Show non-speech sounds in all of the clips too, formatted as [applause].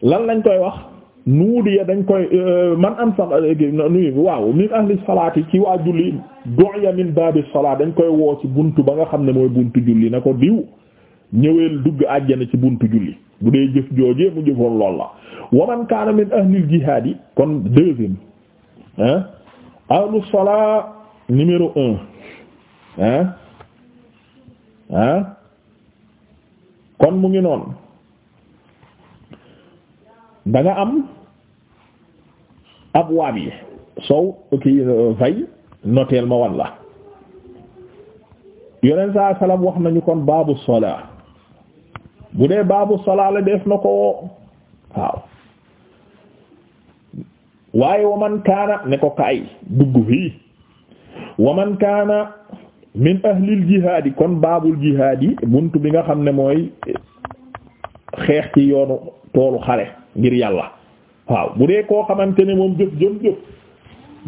lan lañ koy wax nuudiya dañ koy euh, man am sax euh, nuyu waaw min ahli salaat yi ci waa julli du'ya min baabi salaat dañ koy woo ci bunt ba nga xam ne mooy buntu julli na ko diw ñëweel dugg àjjana ci buntu julli bu dee jëf joojee mu jëfoon lool la wa man kaana min ahlil jihaad yi kon deuxième hein ahlu salaa numéro un hein kon mu ngi noonu da nga am abwaab yi sow kii euh, fay noteel ma wan la yoneen saa salam wax nañu kon baabu sola bu dee baabu sola la def na ko waaw waaye waman kaana ne ko kaay dugg fii waman kaana min ahlil jihaadi kon baabul jihaadi bunt bi nga xam ne mooy xeex ci yoonu toolu xare ngir yàlla waaw mu dee koo xamante ne moom jëf jëm jëf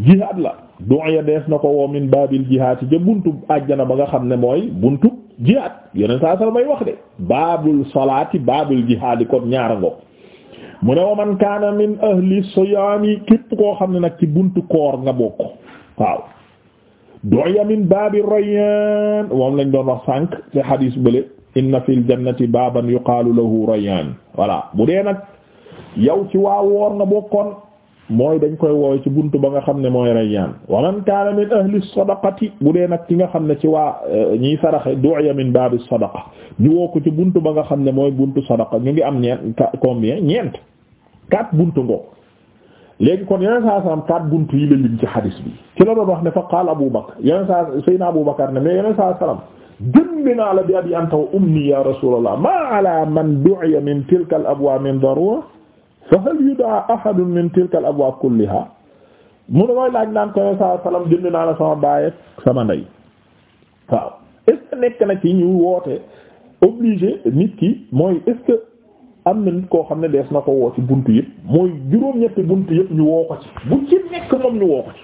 jihaad la du du'a dees na ko woo min baabil jihaad ci ca buntu ba nga xam ne mooy buntu jihaad yeneen saa sal may wax de baabul salaati baabul jihaadi kon ñaara ngoog mu ne wa man kaana min ahli siyaami képp koo xam ne nag ci buntu koor nga bokk waaw du'a min baabi rayyaan moom lañ doon wax sànq ci dee nag yow ci waa woor nga bokkoon mooy dañ koy woowe ci buntu ba nga xam ne mooy rayyaan wa man kaana min ahli sadaqati bu dee nag nga xam ne ci waa eh, ñiy saraxe du'ya min baabi sadaqa ñu woo ko ci buntu ba nga xam ne mooy buntu sadaqa ñu ngi am ñeent combien ñeent quatre buntu ngoo léegi kon yeneen saa salaam quatre buntu yi la lim ci xadis bi ci la doon wax ne fa qaal Abu Bakr yeneen saa Seydina Abu Bakr ne mais yeneen saa salaam jënd naa la bi abi anta wa ummi ya rasulallah ma man du'iya min tilka al min fa hal yudaa ahadun min tilka al abwaab kulliha mu ne mooy laaj naan ko ne saa salaam jënd naa la sama baay sama ndey waaw est nekk na ci ñu woote obligé nit ki mooy est ce am na nit koo xam ne dees na ko woo ci bunt yëpp mooy juróom-ñetti bunt yëpp ñu woo ko ci bu ci nekk moom ñu woo ko ci.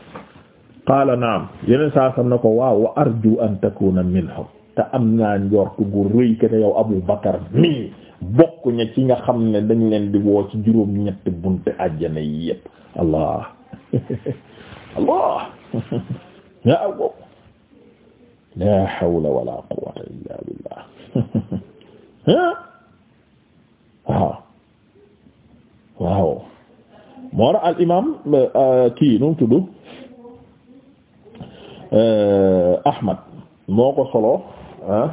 qaala naam yeneen saa sam na ko waaw wa arju an takuna minhum te am naa njort gu rëy que yow Abu Bakar mii bokk ña ci nga xam ne dañ leen di woo ci juróom ñetti bunte àjjana yi yépp allah [laughs] allah [laughs] yaa bokk la hawla wala quwwata illa billah [laughs] waaw waaw moo ra al euh, kii nu mu tudd euh, Ahmad moo ko solo ah.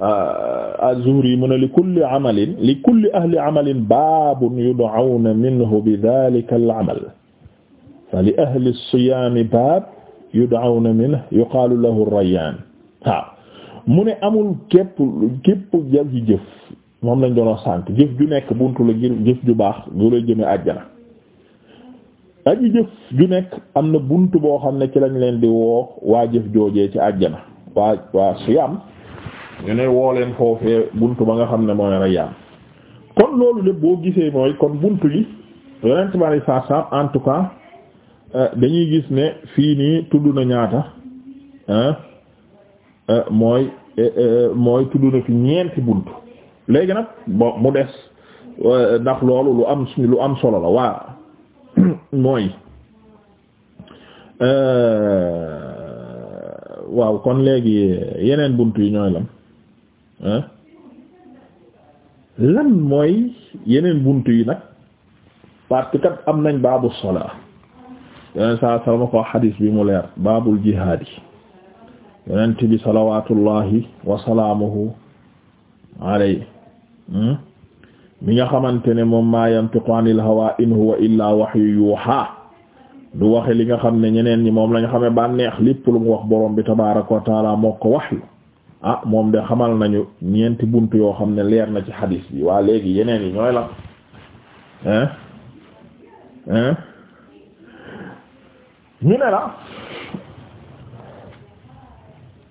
az-Zuhri mu ne li kulli amalin li kulli ahli amalin baabun yud'awna minhu bi dhaalika al-amal fa li ahli as-siyaam baab yud'awna minhu yuqaalu lahu ar-rayyaan waaw mu ne amul képp képp jëf ji jëf moom lañ doon wax sànq jëf ju nekk buntu la ngir jëf ju baax ju lay jëme àjjana aji jëf ju nekk am na buntu boo xam ne ci lañ leen di woo waa jëf joojee ci àjjana waa waa siyaam ñu ne woo leen foofee buntu ba nga xam ne mooy Rayyaan kon loolu lépp boo gisee mooy kon bunt yi bi alayhi salaam en tout cas euh, dañuy gis ne fii nii tudd na ñaata euh, mooy euh, mooy tudd ñeenti buntu léegi nag mu des ndax loolu lu am lu am solo la waa [coughs] mooy waaw kon léegi yeneen buntu yi ñooy lam lan mooy yeneen bunt yi nag parce que am nañ baabu solaa yeneen saa salama ko xadiis bi mu leer baabul jihaad yi yonent bi salawatullahi wasalaamuhu alay hmm? mi nga xamante ne moom maa yantiqu anil in huwa illaa wahyu yuuhaa du waxe li nga xam ne ñeneen ñi moom lañ xame bànneex lépp lu mu wax borom bi tabaaraka wa taala moo ko wahyu ah moom de xamal nañu ñeenti bunt yoo xam ne leer na ci xadiis bi waa léegi yeneen yi ñooy la hein hein ñu ne la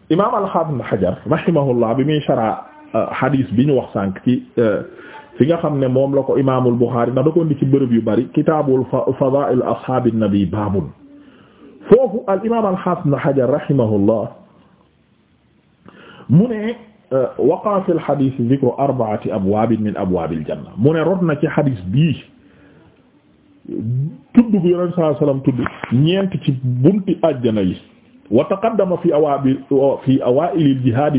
imaam al-Hafiz Ibn Hajar rahimahullah bi muy shara euh, xadiis bi ñu wax sànk ci euh, fi nga xam ne moom la ko imaamul Buxaari ndax ci bërëb yu bari kitaabul fadaa'il ashaabi nabi baabun imaam al-Hafiz Ibn Hajar mu ne euh, waqaa fi lxadis dicre arbaati abwaabin min abwaabil janna mu ne rot na ci xadis bii tudd gu yonent saa sallam tudd ñeent ci bunti àjjana yi wa taqaddama fi awaabi fi awaa'ilil jihaad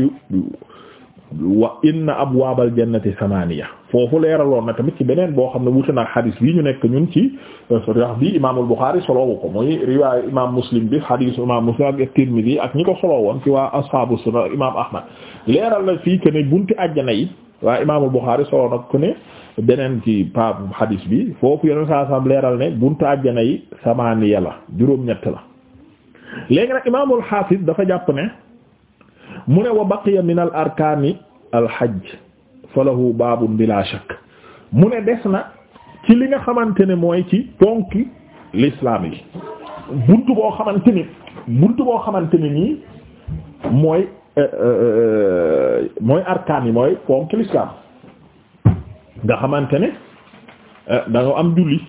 wa inna abwaabal jannati samaniya foofu leeraloon na tamit ci beneen boo xam ne wuute na xadis bi ñu nekk ñun ci riwaay euh, bi imaamul Buxaari soloowu ko muy riwaay imaam Muslim bi xadis imaam Muslim ak Tirmidi ak ñi ko soloowoon ci waa ashaabu sunna imaam Ahmad leeral na fii que ne bunti àjjana yi waa imaamul Buxaari soloo nag ku ne beneen ci pa xadis bi foofu yeneen saa sam leeral ne buntu àjjana yi samaniya la juróom-ñett la léegi nag mu ne wa baqiya min al arkaani al hajj falahu baabun bila shakk mu ne des na ci li nga xamante ne mooy ci ponki lislaam yi buntu boo xamante ni buntu boo xamante ni nii mooy euh, euh, mooy arkaan yi mooy ponki l'islam nga xamante ne euh, dañoo am julli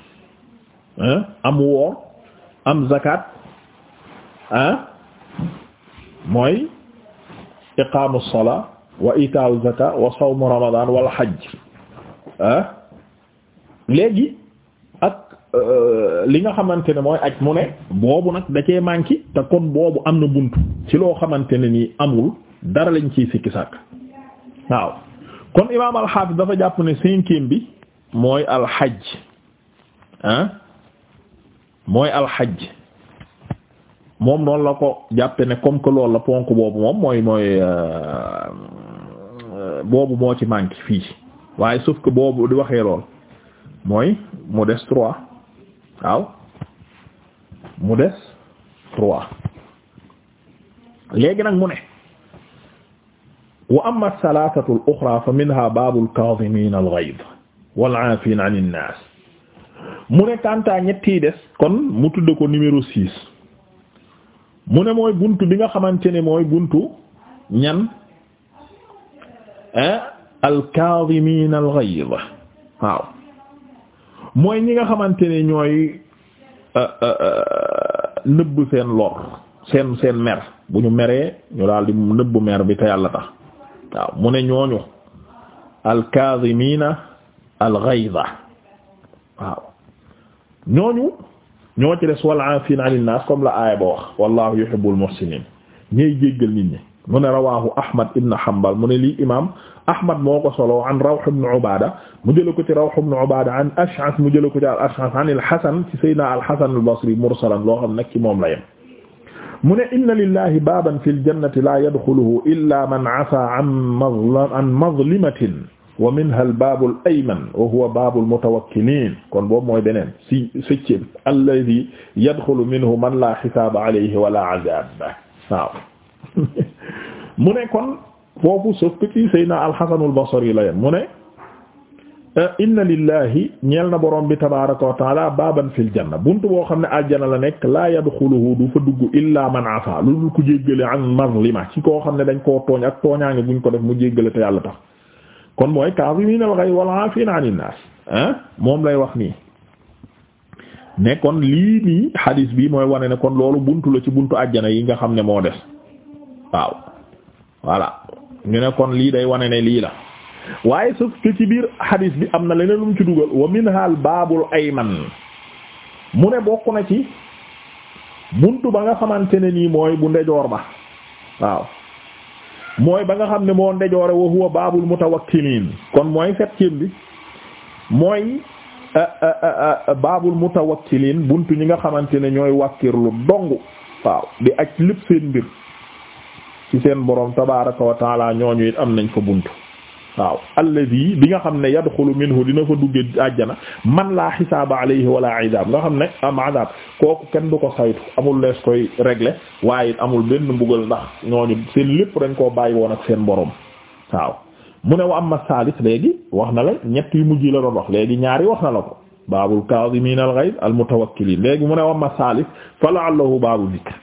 am woor am zakat mooy iqaamu salaa wa itaawu zakaa wa sawmu ramadaan wal hajj ah? léegi ak euh, li nga xamante ne mooy aj mu ne boobu nag da cee te kon boobu am na bunt ci loo xamante ne nii amul dara lañ ci sikki sàkk waaw kon imaam alxaafis dafa jàpp ne cinquième bi mooy alxaj ah mooy alxaj moom noonu la ko jàppe ne comme que loolu la ponk boobu moom mooy mooy euh, euh, boobu moo ci manque fii waaye sauf que boobu di waxee lool mooy mu des trois waaw mu des trois léegi nag mu ne wa amma thalathatu al-ukhra fa minha babu al-kadhimin al-ghayz wal-'afin 'an an-nas mu ne kanta ñetti des kon mu tudd ko numéro six mu ne mooy buntu bi nga xamante ne mooy buntu ñan eh? alkaadimiin alxayd waaw mooy ñi nga xamante ne ñooy eh, eh, nëbb seen lor seen seen mer bu ñu meree ñu daal di nëbb mer bi te yàlla tax waaw mu ne ñooñu alkaadimiina alxayda waaw ñooñu ñoo ci des wal aafina anin naas comme la aaya ba wax wallahu yuhibbul muhsinin ñiy jéggal nit ñi mu ne rawahu ahmad ibn hanbal moo ko solo an rawh ibn ubada mu jëla ko ci rawh ibn ubada an ash'ath mu jëla ko ci al ash'ath an al hasan ci sayyidina al hasan al basri mursalan loo xam nag ci moom la yem mu ne inna lillahi baaban fil jannati la yadxuluhu illa man asaa wa minha al baabul ayman wa huwa baabul mutawakkiliin kon boobu mooy beneen si septième alladi yadxulu minhu man laa xisaaba alayhi wala azab waaw [laughs] mu ne kon foofu sauf que ci Seydina al-Hasanul Basri la mu ne eh, inna lillahi ñeel na borom bi tabaaraka wa taala baaban fil janna buntu boo xam ne aljana la nekk laa yadxuluhu du fa dugg illaa man afa lu dul ko jéggale an mazlima ci koo xam ne dañ koo tooñ ak tooñaange buñ ko def mu jéggale te yàlla tax kon mooy kaazimiina al-ghayz wal aafiina anin naas ah moom lay wax nii ne kon lii nii hadis bi mooy wane ne kon loolu bunt la ci buntu àjjana yi nga xam ne moo des waaw voilà ñu ne kon lii day wane ne lii la waaye sauf ci biir hadis bi am na leneen lu mu ci dugal wa minha al-baabul man mu ne bokk na ci bunt ba nga xamante ne nii mooy bu ndejoor ba waaw mooy ba nga xam ne moo ndejoore wa huwa baabul mutawakkiliin kon mooy septième bi mooy euh, euh, euh, baabul mutawakkiliin buntu ñi nga xamante ne ñooy wàkkirlu dong waaw di aj lépp seen mbir ci seen borom tabaaraka wa taala am nañ fa bunt waaw alladi bi nga xam ne yadxulu minhu dina fa dugge àjjana man laa xisaaba alayhi wala idab nga xam ne am adab kooku kenn du ko saytu amul lees koy régler waaye amul benn mbugal ndax ñooñu seen lépp dañ koo bàyyi woon ak seen boroom waaw mu ne wa amma saalis léegi wax na la ñett yu mujj la doon wax léegi ñaari wax na la ko baabul kaazimiin al ghayz al mutawakkiliin léegi mu ne wa amma saalis fa la'allahu baabu zikr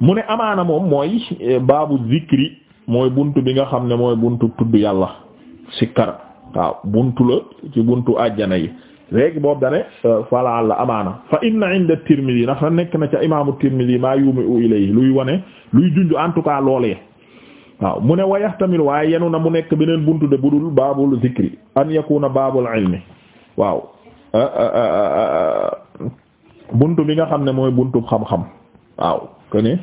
mu ne amaana moom mooy eh, baabu mooy bunt bi nga xam ne mooy buntu tudd yàlla sikkar waaw buntu la ci buntu àjjana yi léegi boobu dane euh, fala la amaana fa inna inda Tirmidhi ndax na nekk na ca imaamu Tirmidhi maa yuumi u ilay luy wone luy junj en tout cas loolee waaw mu ne wayaxtamil waaye yenu na mu nekk beneen buntu de budul baabul zikri an yakuna baabul ilmi waaw euh, euh, bunt bi nga xam ne mooy buntu xam-xam waaw kene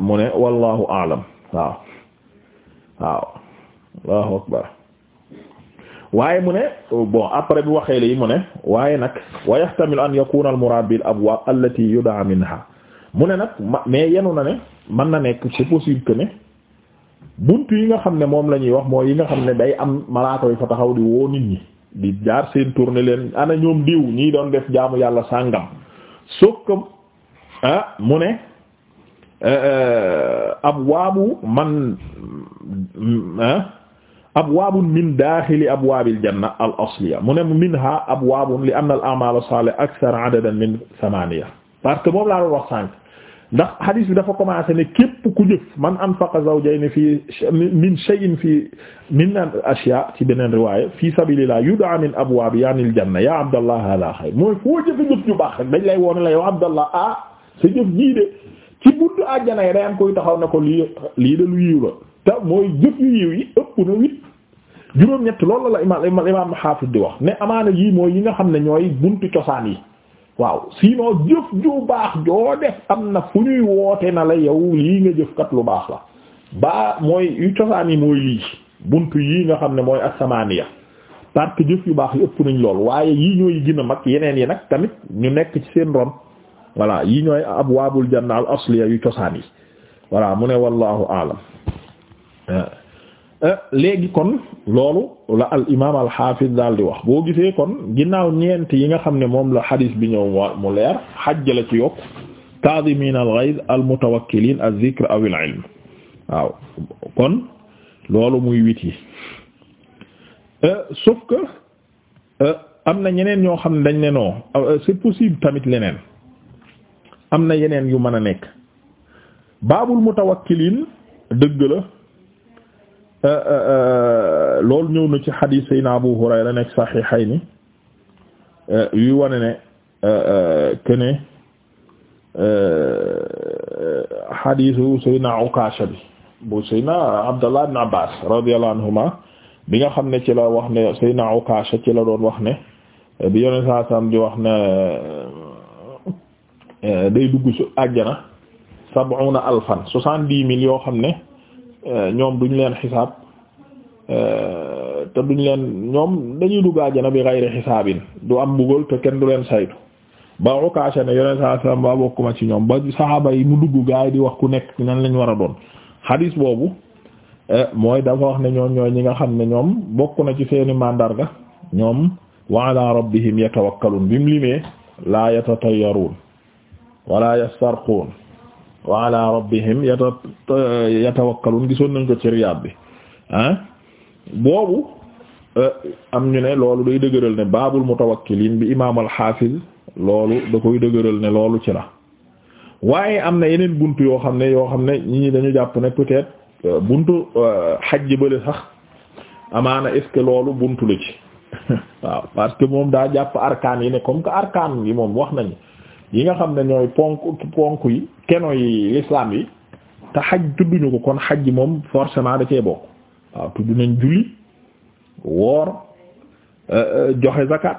mu ne wallahu aalam waaw waaw allahu akbar waaye mu ne bon après bi waxee lii mu ne waaye nag wa yahtamilu an yakuna al murad bil abwaab allati yud'a minha mu ne nag ma mais yenu na ne mën na nekk c'est possible que ne buntu yi nga xam ne moom la ñuy wax mooy yi nga xam ne day am malaaka yu fa taxaw di woo nit ñi di jaar seen tourné leen ana ñoom diw ñii doon def jaamu yàlla sàngam sokam ah mu ne Euh, euh, abwaabu man mm, ah, abwaabun min daaxili abwaabil janna al asliya mu ne minha abwaabun li anna al a'maal as-saalih akthar adadan min samaaniya parce que moom laa doon wax sànq ndax hadith bi dafa commencé ne képp ku jëf man anfaqa zawjayni fii min shay'in fii min ashyaa ci beneen riwaaya fii sabiilillah yud'a min abwaabi yaani al janna yaa Abdallah haaza xayr mooy foo jëf jëf ju baax rek dañ lay woon la yow Abdallah ah sa jëf ji de ci buntu àjjana yi day am koy taxaw ne ko lii lii de lu yiw la te mooy jëf yu yiw yi ëpp na huit juróom-ñett loolu la imaam imaam imaam xaafis di wax ne amaana yii mooy yi nga xam ne ñooy buntu cosaan yi waaw sinon jëf ju baax joo def am na fu ñuy woote na la yow lii nga jëf kat lu baax la baa mooy yu cosaan yi mooy lii buntu yii nga xam ne mooy ak asamaaniya ya que jëf yu baax yi ëpp nañ lool waaye yii ñooy gën a mag yeneen yi nag tamit ñu nekk ci seen ron. voilà yi ñooy abwaabul janna al asliya yu cosaan yi voilà mu ne wallahu aalam euh, euh, léegi kon loolu la al imaam daal di wax boo gisee kon ginnaaw ñeent yi nga xam ne moom la xadiis bi ñëw mu leer xajja la ci yokk kaazimiin al ghayz al mutawakkiliin al zikr aw al ilm waaw kon loolu muy wit yi euh, am na ñeneen ñoo xam ne dañ ne non c'est possible tamit leneen am na yeneen yu mën a nekk baabul mutawakkiliin dëgg la euh, euh, euh, loolu ñëw na ci xadiis sayna Abu Hurayra nekk saxiixayni yuy wane ne kene xadiisu sayna Ukaasha bi bu sayna Abdallah ibn Abbaas radiyallahu anhuma bi nga xam ne ci la wax ne sayna Ukaasha ci la doon wax ne bi yoneen saa sam di wax ne Euh, day dugg su àjjana sab'una alfan soixante-dix mille yoo xam ne euh, ñoom duñ leen xisaab euh, te duñ leen ñoom dañuy dugg àjjana bi gayri xisaabin du am mbugal te kenn du leen saytu ba ukaasha ne yoneen saa bokkuma ci ñoom ba saxaaba yi mu dugg gaay di wax ku nekk nan lañ war a doon xadiis boobu mooy dafa wax ne ñoom ñooy ñi nga xam ne ñoom bokk na ci seeni màndarga ñoom wa ala rabbihim yatawakkalun bi mu limee laa yatatayarun wala yastarquun wa ala rabbihim yatawakkaluun gisoon nañ ko ci riyaad bi ah boobu eh, am ñu ne loolu day dëgëral ne baabul mutawakkiliin bi imaam al-Haafiz loolu da koy dëgëral ne loolu ci la waaye am na yeneen bunt yoo xam ne yoo xam ne ñi dañu jàpp ne peut-être eh, buntu eh, xajj bële sax amaana est-ce loolu buntu la ci [laughs] waaw parce que moom daa jàpp arkaan yi ne comme que arkaan yi moom wax nañu yi nga xam ne ñooy ponk ponk yi keno yi l'islam yi te xaj tudduñu ko kon xaj moom forcément da cee bokk waaw tudd nañ julli woor euh, euh, joxe zakat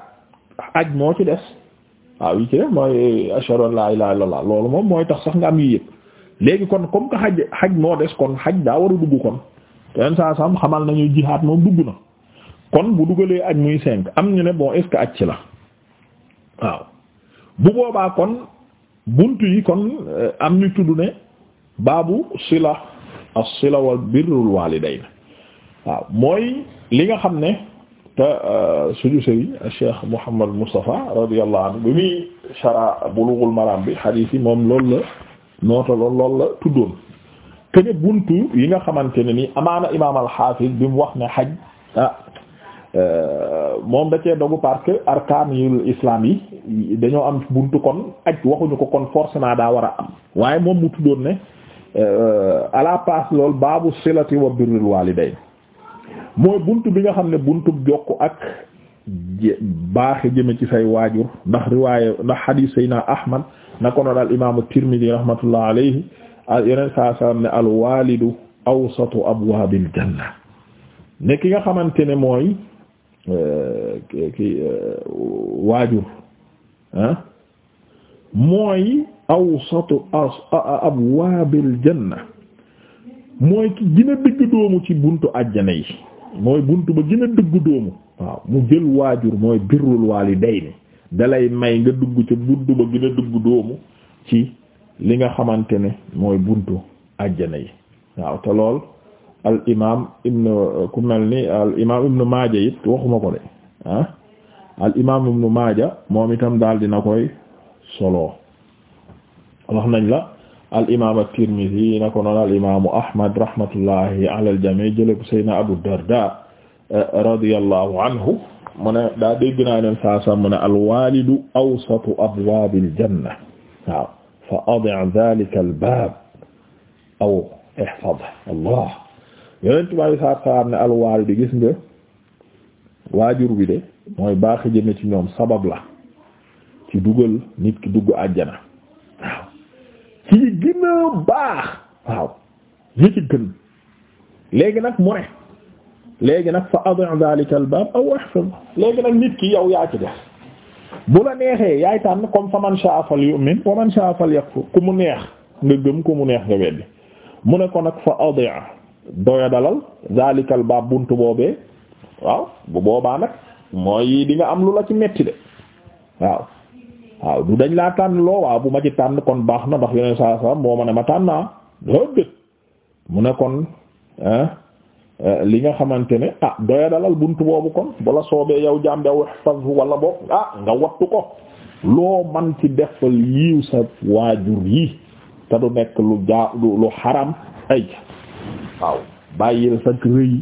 aj moo ci des waaw yi ci des mooy ashhadu an la ilaha loolu moom mooy tax sax nga am yi yëpp léegi kon comme que xaj xaj moo des kon xaj daa war a dugg kon ten saa sam xamal nañu jihaat moom dugg na kon bu dugalee aj muy cinq am ñu ne bon est-ce que aj ci la waaw bu boobaa kon buntu yi kon eh, am ñu tudd ne baabu sila as-sila wal birrul walidayn waaw mooy li nga xam ne te eh, suñu sëriñ Cheikh Mouhamed Moustapha radiyallahu anhu bi muy shara maram bi hadith moom loolu la nootaloon loolu la tuddoon te buntu yi nga xamante ne ni amaana imaam al-Hafiz bi mu wax ne xaj ah, moom da cee dogu parce que arkaanul yi dañoo am buntu kon aj waxuñu ko kon naa daa war am waaye moom mu tuddoon ne euh, à la place lool baabu silati wa birrul mooy buntu bi nga xam ne buntu jokk ak baaxe jëme ci say waajur ndax riwaaye ndax xadiis sayna ahmad na ko noon al imaamu tirmidi rahmatullah alayhi yeneen saa salaam ne al awsatu abwaabil janna ne ki nga xamante ne mooy Euh, ki euh, waajur mooy awsatu abwaabil janna mooy ki gën a ci buntu àjjana yi mooy buntu ba gën a dëgg waaw mu jël waajur mooy birrul waalidayni dalay may nga dugg ca buntu ba gën a dëgg ci li nga xamante ne mooy buntu àjjana yi waaw te lool al imaam ibn ku mel ni al imaam ibn Maaja it waxuma ko de ah al imaam ibn Maaja moom itam daal dina koy solo wax nañ la al imaam at-Tirmidhi na ko noon al imaamu Ahmad rahmatullahi ala al jamii jële ko Seydina Abu Darda eh, radiyallahu anhu mu ne daa dégg naa leen saa saa mu ne al waalidu awsatu abwaabil janna waaw fa adi' dhalika al baab aw ihfadh Allah yonent bi alei salaatu salaam ne alwaari di gis nga waajur bi de mooy baaxi jëme ci ñoom sabab la ci dugal nit ki dugg àjjana waaw ci gën a baax waaw ñi léegi nag mu ne léegi nag fa adi' dhalika al baab aw ihfaz léegi nag nit ki yow yaa ci def bu la neexee yaay tànn comme fa man sha'a falyu'min wa man sha'a falyakfur ku mu neex nga gëm ku mu neex nga weddi mu ne ko nag fa adi' doya dalal zalikal baab bunt boobee waaw bu boobaa nag mooy di nga am lu la ci metti de waaw waaw du dañ laa tànn loo waaw bu ma ci tànn kon baax na ndax yeneen saa saa moo ma ne ma tànn naa euh, li nga xamante ne ah bunt boobu kon bala soobee yow jaam bi aw wala boog ah nga wattu ko loo man ci defal yiw sa waajur yi te du nekk lu jaa lu xaram ay waaw bàyyil sag rëy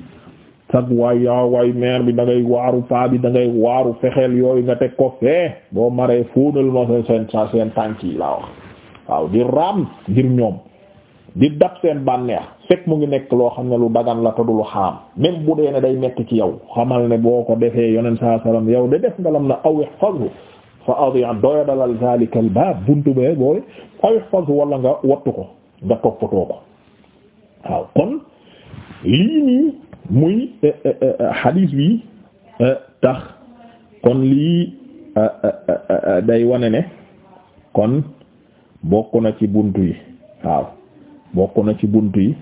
sag waay yaa waay maire bi da ngay waaru paa bi da ngay waaru fexeel yooyu nga teg ko fee boo maree fóonal ma sa seen sa seen tànk yi laa wax waaw di raam ngir ñoom di dab seen bànneex fekk mu ngi nekk loo xam ne lu dagan la te du lu xaram même bu dee ne day nekk ci yow xamal ne boo ko defee yonent saa salaam yow de def nga lam na aw ihfazu fa adi'a doya dalal nga wattu ko nga toppatoo ko waaw kon lii nii muy hadis eh, eh, eh, bi tax kon lii day wane ne kon bokk na ci bunt yi waaw bokk na ci bunt yi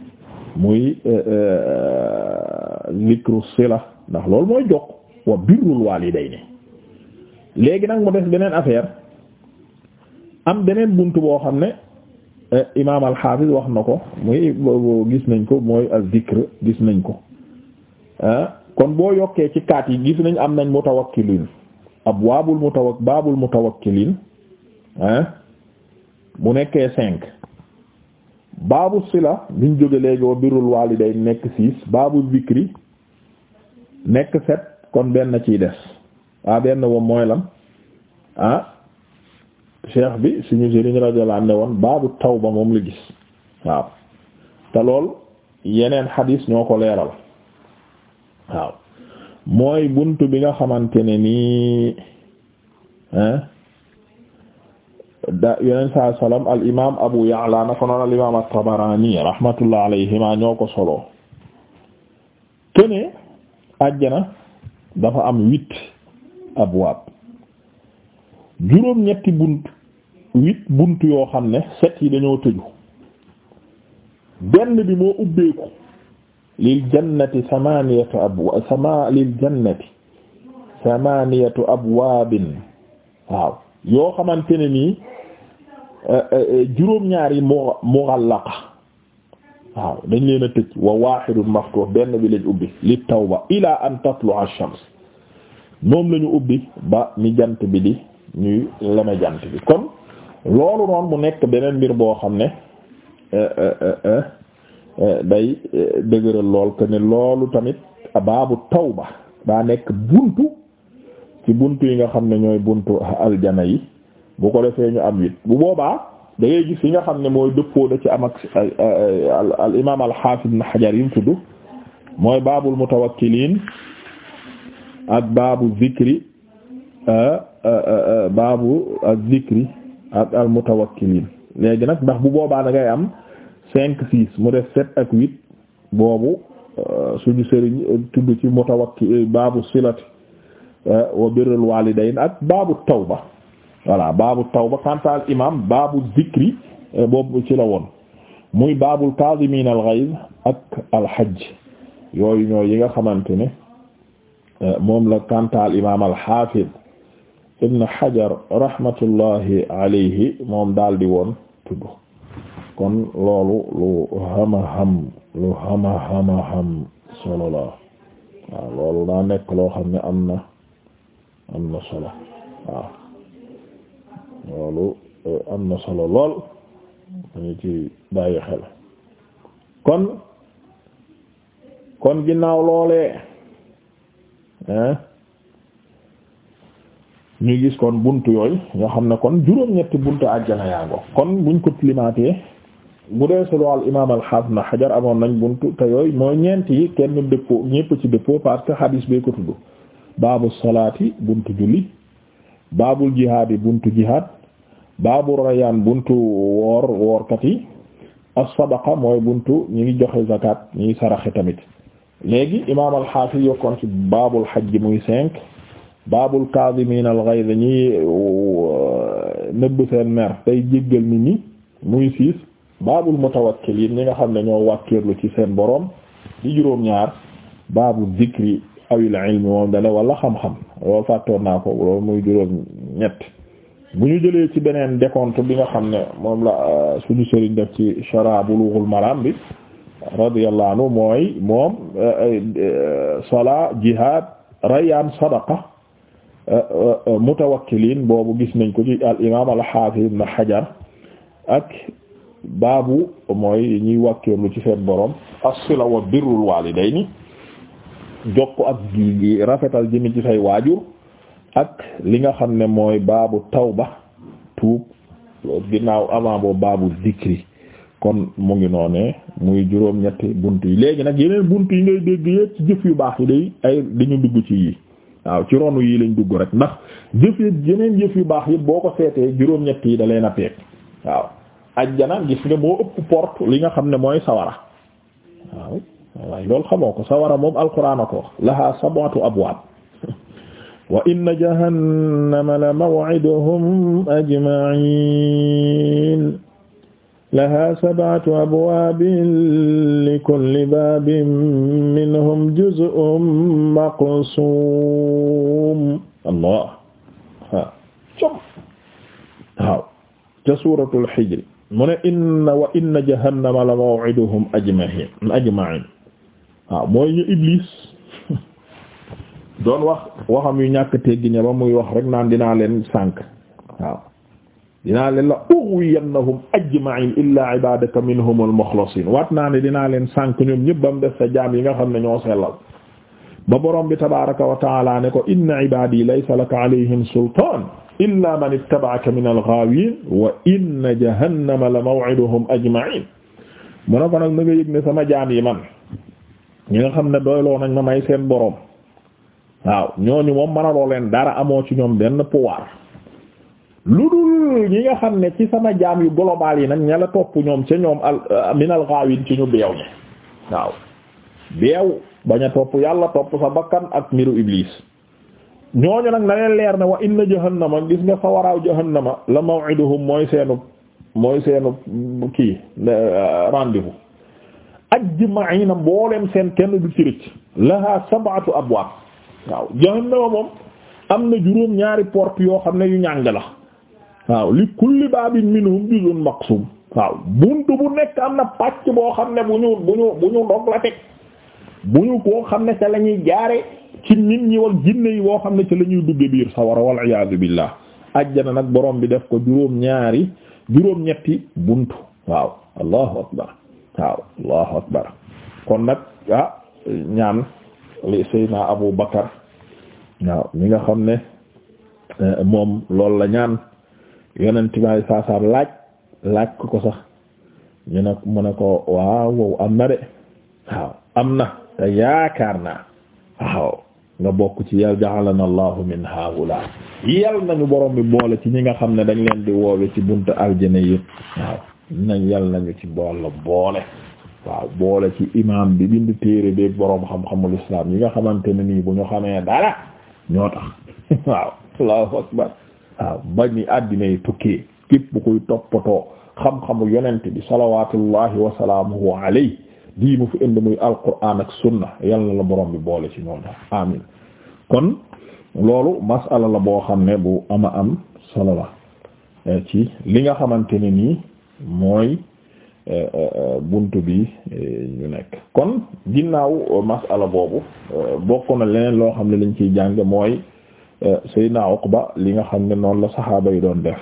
muy zikru sila ndax loolu mooy jokk wa birrul walidayni léegi nag mu def beneen affaire am beneen buntu boo xam ne Eh, imaam al-Hafiz wax na ko muy gis nañ ko mooy az-zikr gis nañ ko eh, kon boo yokkee ci kaat yi gis nañ am nañ mutawakkiliin abwaabul mutawak baabul mutawakkiliin eh, bu nekkee cinq baabu sila biñ jóge léegi wa birrul waaliday nekk six baabu zikri nekk sept kon benn ciy des a ah, benn wa mooy lan ah cheikh bi suñu sëriñ radiyallahu anhu ne woon baabu tawba moom la gis waaw lool yeneen xadiis ñoo ko leeral waaw mooy buntu bi nga xamante ne nii hein da yeneen saa salaam al imaam Abu Ya'la ko noon al imaam at-Tabarani rahmatullah alayhima ñoo ko solo kene àjjana dafa am huit abwaab juróom ñetti bunt huit bunt yoo xam ne set yi dañoo tëju benn bi moo ubbeeku lil jannati samaniyatu abwa sama lil jannati samaniyatu abwaabin waaw yoo xamante ne nii eh, eh, eh, juróom ñaar yi mu mughallaqa waaw dañ leen a tëj wa wahidun maftuh benn bi lañ ubbi li tawba ila an tatlu'a ash-shams moom lañu ubbi ba mi jant bi di ñuy leme jant bi kon loolu noonu mu nekk beneen mbir boo xam ne eh, eh, eh, day dëgëral lool que ne loolu tamit baabu tawba daa nekk buntu ci buntu yi nga xam ne ñooy buntu aljana yi bu ko defee ñu am wit bu boobaa da ngay gis yi nga xam ne mooy dëppoo da ci am ak al imaam al xaafis xajar yi mu tudd mooy baabul mutawakkiliin ak baabu zikri Euh, euh, euh, baabu az-zikri ak al-mutawakkiliin léegi nag ndax bu boobaa da ngay am cinq six mu def sept ak huit boobu suñu sëriñ tudd ci mutawakkil baabu silati wa birrul waalidayn ak baabu tawba voilà baabu tawba kantaal imam baabu zikri boobu ci la woon muy baabul kaazimiin al-ghayz ak al-hajj yooyu ñoo yi nga xamante ne moom la kantaal imam al-haafid ibn Hajar rahmatullahi alayhi moom daldi di woon tudd kon loolu lu hamaham lu hamahamaham solo la loolu daa nekk loo xam ne am na am na solo waaw loolu eh, am na solo lool dañu ci bàyyi kon kon ginnaaw loolee hein ñu gis kon buntu yooyu nga xam ne kon juróom-ñetti buntu àjjana yaango kon buñ ko climaté bu dee solo al imaam al xaaf na xajar amoon nañ buntu te yooyu mooy ñeent yi kenn dëppoo ñépp ci dëppoo parce que xadiis bee ko tudd baabu salaati buntu julli baabul jihaadi buntu jihaad baabu rayaan buntu woor woorkat yi as-sadaqa mooy buntu ñi ngi joxe zakat ñi saraxe tamit léegi imaam al xaafis yokkoon ci baabul xaj muy cinq baabul kaazimiina al-ghayz ñi euh, nëbb seen mer tey jéggal nit ñi muy siis baabul mutawakkiliin ñi nga xam ne ñoo wàkkeerlu ci seen boroom di juróom-ñaar baabu zikri awil ilmi moom dane wala xam-xam loolu fàttoon naa ko loolu muy juróom ñett bu ñu jëlee ci beneen décompte bi nga xam ne moom la euh, suñu sëriñ def ci shara bulughul maram bi radiyallahu anhu mooy moom euh, salaa jihaad rayaan sadaqa Euh, euh, euh, mutawakkiliin boobu gis nañ ko ci al imaam al xaafiz ibn Hajar ak baabu mooy ñuy wàkkeerlu ci seen borom as-sila wa birrul waalidayni jokk ak rafetal jëmi ci say waajur ak li nga xam ne mooy baabu tawba tuub ginnaaw avant boobu baabu zikri kon mu ngi noonee muy juróom ñetti bunt yi léegi nag yeneen bunt yi ngay dégg yépp yu baax yi day ay dañu dugg ci yi waaw ci ronu yii lañ dugg rek ndax jëf yi yeneen yu baax yëpp boo ko seetee juróom-ñett yi da leen a peeg waaw ajjana gis nga moo ëpp porte li nga xam ne mooy sawara waaw waaye loolu xamoo ko sawara moom alquran a ko wax laha sab'atu abwaab [laughs] wa inna jahannama la maw'iduhum ajma'in laha sab'atu abwaabin likulli baabin minhum juz'un maqsuum allah com waaw ca suuratul hijr mu ne inna wa inna la maw'iduhum ajma'iin ajma'iin mooy ñu Iblis [laughs] doon wax waxam yu ñàkk teggi ña ba muy wax rek naan dinaa leen sànk dinaa leen la ughwiyannahum ajma'in illaa ibadaka minhum al-mukhlasin waat naa ne dinaa leen sànk ñoom ñëpp ba jaam yi nga xam ne ñoo sellal ma borom bi tabaraka wa taala ne ko inna ibadi laysa laka alayhim sultan illa man ittaba'aka min al la maw'iduhum ajma'in mu ne ko nag na nga sama jaam yi man ñi nga xam ne doyloo nañ ma may seen borom waaw ñooñu moom mënaloo leen dara amoo ci ñoom benn pouvoir lu dul ñi nga xam ne ci sama jaam yu global yi nag ña la topp ñoom ca ñoom al euh, minal gaawin ci ñu beew ñi waaw beew bañ a topp yàlla topp sa bakkan ak mbiru iblis ñooñu nag na leen leer ne wa inna jahannama gis nga fa waraaw jahannama la maw'iduhum mooy seenu mooy seenu kii euh, rendez-vous ajma'ina mbooleem seen kenn du ci rëcc laha sab'atu abwaab waaw jahannama moom am na juróom ñaari porte yoo xam ne yu ñàng la waaw li kulli baabin minhum juzun maqsum waaw buntu bu nekk am na pàcc boo xam ne bu ñu bu ñu bu ñu ndog la teg bu ñu koo xam ne ca lañuy ñuy jaare ci nit ñi wal jinne yi boo xam ne ca la ñuy dugge biir sawara wal iyaadu billah ajjana nag borom bi def ko juróom ñaari juróom ñetti buntu waaw allahu akbar waaw allahu akbar kon nag ah ñaan li Seydina Abu Bakar waaw mi nga xam ne eh, moom loolu la ñaan yonent may saasaam laaj laaj ko ko sax ñu ne mu ne ko waaw am na de waaw am na te yaakaar naa waaw nga bokk ci yal ja'alana allahu min haula yal nañu boroom bi boole ci ñi nga xam ne dañ leen di woowe ci buntu aljana yëpp waaw nañ yal nañu ci boole boole waaw boole ci imam bi bind téere beeg boroom xam-xamul islam yi nga xamante ne nii bu ñu xamee dara ñoo tax [laughs] waaw allahu akbar waaw bañi àddina yi tukkee képp kuy toppatoo xam-xamu yonent bi salawatullahi wasalaamuhu alayhi dii mu fi indi muy alquran ak sunna yal na la borom bi boole ci ñoom amin kon loolu masala la boo xam ne bu ama am solo la eh, ci li nga xamante ne nii mooy eh, eh, buntu bi ñu nekk kon ginnaaw masala boobu bokk na leneen loo xam ne lañ ciy jàng mooy Euh, Seydina ba li nga xam ne noonu la saxaaba yi doon def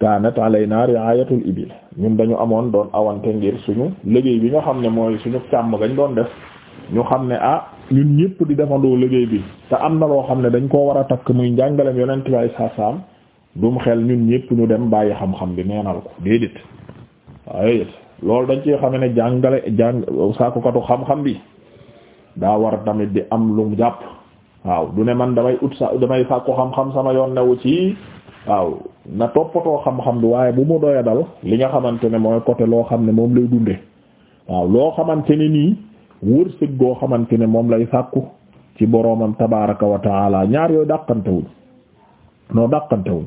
kanat alayna ri'ayatul ibil ñun dañu amoon doon awante ngir suñu liggéey bi nga xam ne mooy suñu càmm gañ doon def ñu xam ne ah ñun ñëpp di defandoo liggéey bi te am na loo xam ne dañ koo war a takk muy njàngalem yonent way sa saam xel ñun ñëpp ñu dem bàyyi xam bi neenal ko dañ ci xame ne jàngale jàng saakukatu xam-xam bi daa war tamit di am lu mu jàpp waaw du ne man damay ut sa damay sàkku xam-xam sama yoon newu ci waaw na toppatoo xam-xam bi waaye bu mu doya dal li nga xamante ne mooy côté loo xam ne moom lay dunde waaw loo xamante ne nii wërsëg goo xamante ne moom lay sàkku ci boroomam tabaraka wa taala ñaar yooyu dàqantewuñ noo dàqantewuñ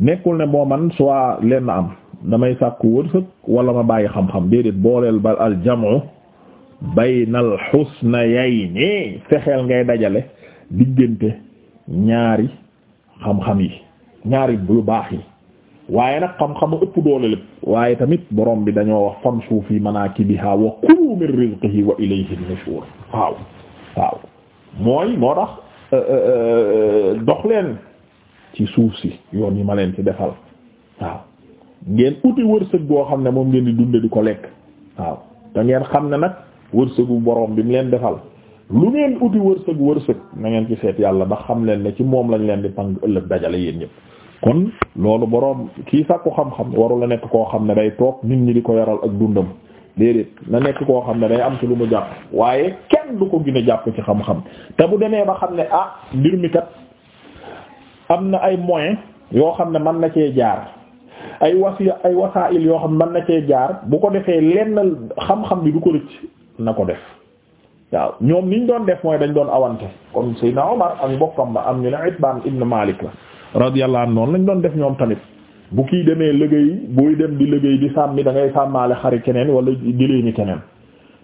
nekkul ne boo man soit leen am damay sàkku wërsëg wala ma bàyyi xam-xam déedéet booleel ba al jamu baynal husnayayni fexeel ngay dajale diggante ñaari xam-xam yi ñaari bu baax yi waaye nag xam-xamu ëpp doole lépp waaye tamit borom bi dañoo wax famshu suuf manakibiha wa kulu min rizqihi wa ilayhi nushur waaw mooy moo tax euh, euh, euh, dox leen ci suuf si yoon yi ma leen ci defal waaw ngeen uti wërsëg goo xam ne moom ngeen di dunde di ko lekk waaw te ngeen xam ne nag wërsëgu borom bi mu leen defal lu ngeen uti wërsëg wërsëg na ngeen ci seet yàlla ndax xam leen ne ci moom lañ leen di pang ëllëg dajale yéen ñëpp kon loolu boroom kii sàkku xam-xam waru la nekk koo xam ne day toog nit ñi di ko yaral ak dundam déedéet na nekk koo xam ne day am ci lu mu jàpp waaye kenn du ko gën jàpp ci xam-xam te bu demee ba xam ne ah mbir mi kat am na ay moyens yoo xam ne man na cee jaar ay wasiya ay wasaa'il yoo xam ne mën na cee jaar bu ko defee lenn xam-xam bi du ko ko def waaw ñoom niñ doon def mooy dañ doon awante kon Seydina Omar ak mbokkam ba am ñu ne Itbaan ibn Malik la radiyallahu anhu noonu lañ doon def ñoom tamit bu kii demee liggéey booy dem di liggéey di sàmmi da ngay sàmmaale xari keneen wala géléemi keneen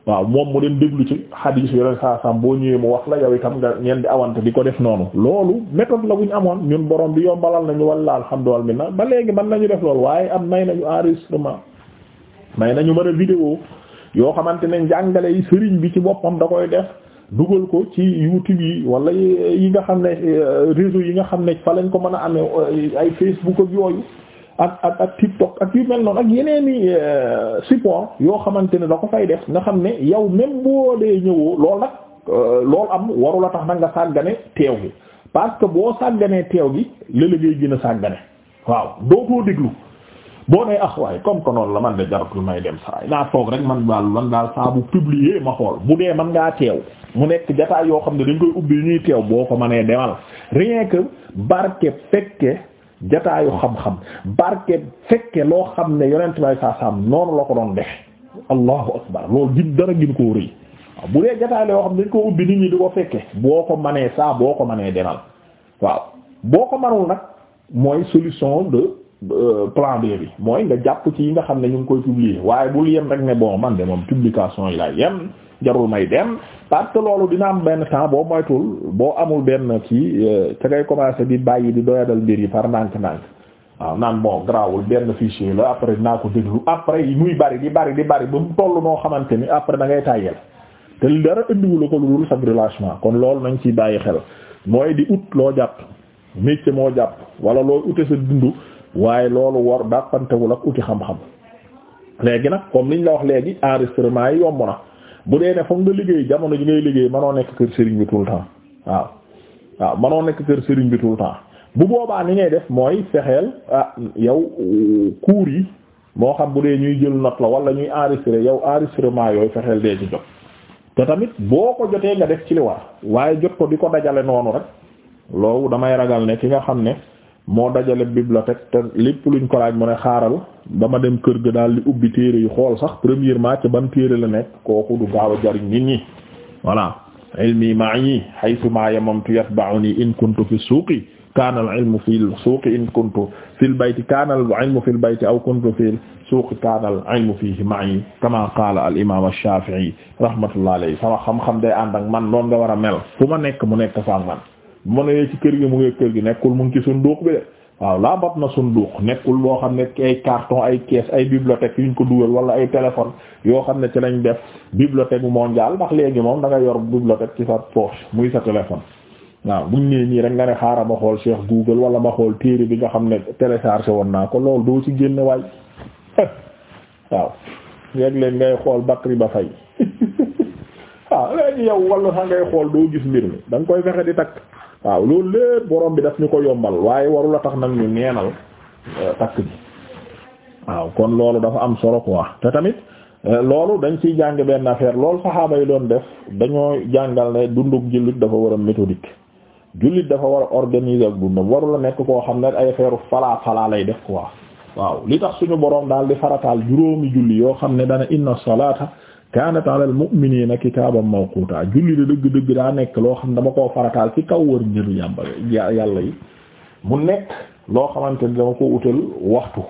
waaw moom mu dem déglu ci hadis yoneen saa sam boo ñëwee mu wax la yow itam nga ngeen di awante di ko def noonu loolu méthode la bu amoon ñun borom bi yombalal nañu wala alhamdulillah minna ba léegi mën nañu def loolu waaye am may nañu enregistrement may nañu mën a vidéo yoo xamante ne njàngale yi sëriñ bi ci boppam da koy def dugal ko ci YouTube yi wala yi nga xam ne euh, réseau yi nga xam ne fa lañ ko mën a amee euh, ay Facebook ak yooyu ak ak ak TikTok ak yu mel noonu ak yeneen i euh, support yoo xamante ne da ko fay def nga xam ne yow même boo dee ñëwoo lool nag lool am warul a tax nag nga sàggane teew bi parce que boo sàgganee teew bi la liggéey gën a sàggane waaw dootoo déglu boo nee ah waaye comme que noonu la man de jaratul may dem saa yi naa toog rek man daal man daal saa bu publier ma xool bu dee man ngaa teew mu nekk jataay yoo xam ne dañ koy ubbi ñuy teew boo ko mënee demal rien que barke fekke jataayu xam-xam loo xam ne yonent bay saa saam noonu la ko doon defe allahu akbar loolu gin dara gin yoo xam ne dañ ko ubbi nit ñi di ko fekke boo ko mënee saa boo ko manee demal waaw boo ko mënul nag mooy solution Euh, plan B bi mooy nga jàpp ci yi nga xam ne ñu ngi koy publier waaye bul yem rek ne bon man de moom publication yi laay yem jarul may dem parce loolu dina am benn temps boo moytul boo amul benn kii euh, ca ngay commencer di bàyyi di doyadal mbir yi par ndànk-ndànk waaw naan bon grawul benn fichier la après dinaa ko déglu après muy bari di bari di bari ba mu toll noo xamante ni après da ngay tàyyel te dara indiwula ko lu dul sa relâchement kon loolu nañ ciy bàyyi xel mooy di ut loo jàpp métier moo jàpp wala loo ute sa dund waaye loolu war dàqantewul ak uti xam-xam léegi nag comme liñ la wax léegi enregistrement yi yomb na bu dee ne foog nga liggéey jamono ji ngay liggéey manoo nekk kër sëriñ bi tout le temps waaw waaw manoo nekk kër sëriñ bi tout le bu boobaa ni ngay def mooy fexeel ah yow cours yi moo xam bu dee ñuy jël note la wala ñuy enregistrer yow enregistrement yooyu fexeel dee ci jot te tamit boo ko jotee nga def ci li war waaye jot ko di ko dajale noonu rek loolu damay ragal ne ki nga xam ne moo dajale bibliothèque te lépp luñ ko laaj mu ne xaaral dama dem kër ga daal di ubbi téere yi xool sax premièrement ca ban téere la nekk kooku du gaaw a jariñ nit ñi voilà ilmi ma'i haythu ma yamamtu yatba'uni in kuntu fi suuqi kaana al ilmu fi l suuqi in kuntu fi l bayti kaana al ilmu fi l bayti aw kuntu fi l suuqi kaana al ilmu fihi ma'i kama qaala al imam ash-shafi'i rahmatullahi alayhi sama xam-xam day ànd man noonu nga war a mel fu ma nekk mu nekk fa ak man mu ne ci kër gi mu ngi kër gi nekkul mu ngi ci sunduux bi de waaw laa bat na sunduux nekkul loo xam ne ay carton ay caisse ay bibliothèque yuñ ko dugal wala ay téléphone yoo xam ne ci lañ def bibliothèque mondiale ndax léegi moom da nga yor bibliothèque ci sa poche muy sa téléphone waaw buñ nee nii rek nga ne xaaral ma xool Cheikh Google wala ma xool téere bi nga xam ne téléchargé woon naa ko loolu doo ci génne waay [laughs] waaw léeg leen ngay xool batterie ba fay [laughs] waaw léegi yow wala sax ngay xool doo gis mbir mi da nga koy fexe di takk waaw loolu lépp borom bi daf ñu ko yombal waaye warula tax nag ñu neenal euh, takk bi waaw kon loolu dafa am solo quoi te tamit euh, loolu dañ ciy jàng benn affaire lool saxaaba yi doon def dañoo jàngal ne dunduk jullit dafa war a méthodique jullit dafa war a organiser ak dundam warula nekk koo xam ne ay affaire falaa falaa lay def quoi waaw li tax suñu borom daal di farataal juróomi julli yoo xam ne dana inna salata kaanat alal mu'miniina kitaaban mawquuta julli de dëgg dëgg daa nekk loo xam ne dama koo farataal ci kaw wër njëru yàmba yàlla yi mu nekk loo xamante ne dama ko utal waxtu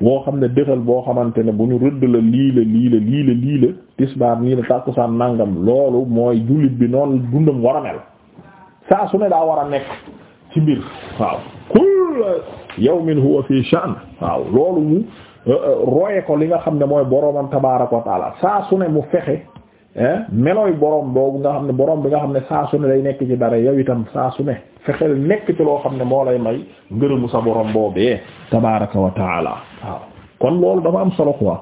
woo xam ne dëxal boo xamante ne bu ñu rëdd la lii la lii la lii la lii la tisbaar nii la tàkkusaan nangam loolu mooy jullit bi noonu dundam war saa su ne daa war a nekk ci mbir waaw kull yawmin huwa fi sha'n waaw loolu mu roye ko li nga xam ne mooy boromam tabaaraka wa taala saa su ne mu fexe melooy borom boobu nga xam ne borom bi nga xam ne saa su ne day nekk ci dara yow itam saa su ne fexeel nekk ci loo xam ne moo lay may ngërëmu sa borom boobee tabaaraka wa waaw kon loolu dafa am solo quoi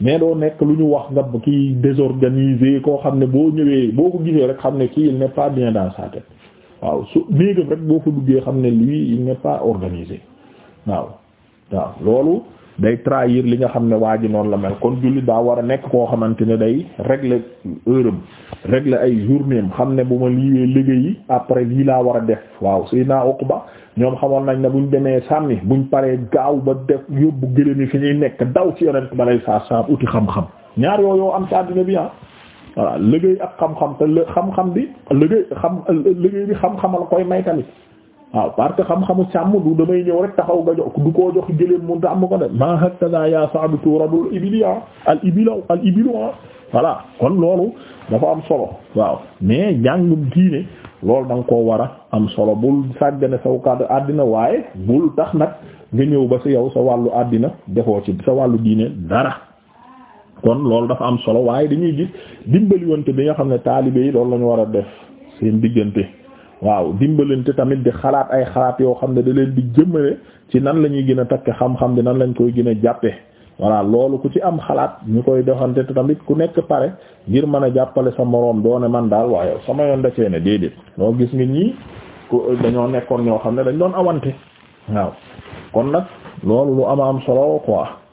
mais doo nekk lu ñu wax nga kii désorganisé koo xam ne boo ñëwee boo ko gisee rek xam ne kii il n'est pas bien dans sa tête waaw su néegam rek boo fa duggee xam ne lui il n'est pas organisé day trahir li nga xam ne waa ji noonu la mel kon jullit daa war a nekk koo xamante ne day régler heure am régler ay journée am xam ne bu ma liiwee liggéey yi après lii laa war a def waaw suy naa ba ñoom xamoon nañ ne buñ demee sànni buñ paree gaaw ba def yóbbu gëléem yi fi ñuy nekk daw ci yonent ba lay saa saa uti xam-xam ñaar yooyu am ci àddina bi ah voilà ak xam-xam te xam-xam bi liggéey xam liggéey bi xam-xamal koy may tamit. waaw parce que xam-xamu sàmm du damay ñëw rek taxaw nga jox du koo jox jëlee mu tàmm ko de ma hakaza ya sa'du turadul ibilia ah, al ibila al ibilu ah. voilà kon loolu dafa am solo waaw mais njàngum diine loolu da nga koo war a am solo bul sàggane saw kàddu àddina waaye bul tax nag nga ñëw ba sa yow sa wàllu àddina defoo ci sa wàllu diine dara kon loolu dafa am solo waaye dañuy gis dimbali wante bi nga xam ne taalibe yi loolu la ñu war a def seen diggante waaw dimbalante tamit di xalaat ay xalaat yoo xam ne da leen di jëmmale ci nan la ñuy gën a takk xam-xam di nan lañ koy gën jàppee jàppe loolu ku ci am xalaat ñu koy doxante te tamit ku nekk pare ngir mën a jàppale sa moroom doone man daal waaye sama yoon da cee ne déedéet loo gis nga ñii ku dañoo nekkoon ñoo xam ne dañ doon awante waaw kon nag loolu lu ama am solo quoi